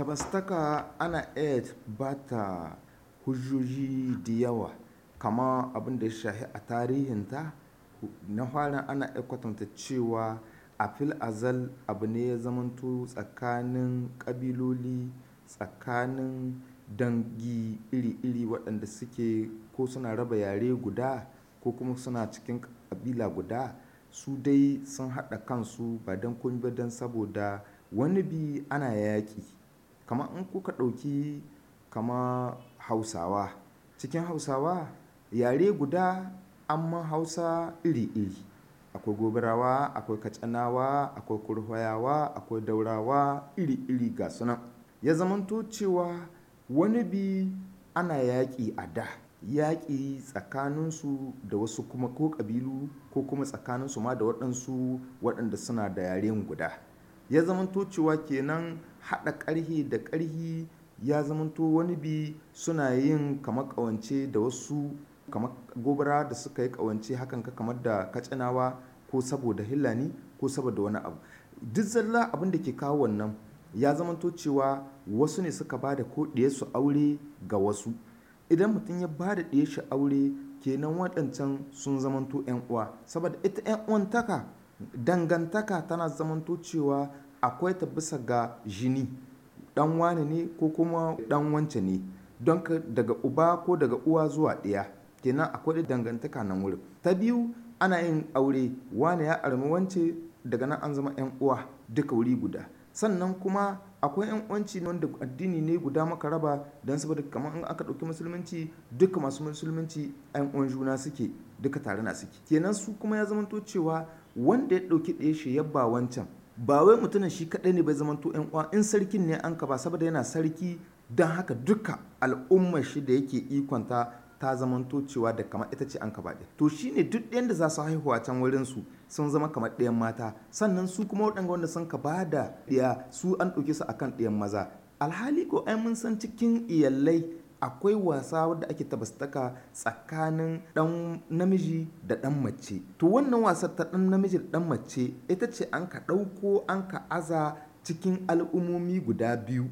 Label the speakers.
Speaker 1: tabastaka ana iya ba ta hujjoji da yawa kama abin da ya shahi a tarihinta na farin ana iya kwatanta cewa a fil azal abu ne ya zamanto tsakanin ƙabiloli tsakanin dangi iri-iri waɗanda suke ko suna raba yare guda ko kuma suna cikin ƙabila guda su dai sun haɗa kansu ba don kun ba don saboda wani bi ana yaƙi Kamar in kuka ɗauki kama Hausawa, cikin Hausawa yare guda amma Hausa iri-iri. Akwai Gobirawa, akwai kacanawa akwai kurhoyawa akwai Daurawa iri-iri ga sunan Ya zamanto cewa wani bi ana yaƙi a da, yaƙi tsakaninsu da wasu kuma ko ƙabilu ko kuma tsakaninsu ma da waɗansu waɗanda suna da yaren guda. ya zamanto cewa kenan haɗa ƙarhe da ƙarhi ya zamanto wani bi suna yin kamar ƙawance da wasu kamar gobara da suka yi ƙawance hakan ka kamar da kacanawa ko saboda hillani ko saboda wani abu duk zalla abin da ke kawo wannan ya zamanto cewa wasu ne suka ba da ko su aure ga wasu idan mutum ya bada da shi aure kenan waɗancan sun zamanto 'yan uwa saboda ita 'yan uwantaka dangantaka tana zamanto cewa akwai ta bisa ga jini dan wane ne ko kuma dan wance ne don daga uba ko daga uwa zuwa ɗaya kenan akwai dangantaka nan wurin ta biyu ana yin aure wane ya armi wance daga nan an zama 'yan uwa duka wuri guda sannan kuma akwai 'yan uwanci wanda addini ne guda maka raba don saboda kamar in aka ɗauki musulunci duka masu musulunci 'yan uwan juna suke duka tare na suke kenan su kuma ya zamanto cewa wanda ya ɗauki ɗaya shi ya ba wancan ba wai mutumin shi kaɗai ne bai to yan uwa in sarkin ne an ka ba saboda yana sarki don haka duka al'ummar shi da yake ikonta ta to cewa da kamar ita ce an ka baɗe to shine duk ɗayan da za su haihuwa can wurin su sun zama kamar ɗayan mata sannan su kuma waɗanda wanda sun ka ba da ɗaya su an ɗauke su akan ɗayan maza alhali ko ai mun san cikin iyalai akwai wasa wadda ake tabastaka tsakanin ɗan namiji da ɗan mace to wannan wasar ta ɗan namiji da ɗan mace ita ce an ka ɗauko an ka aza cikin al'umomi guda biyu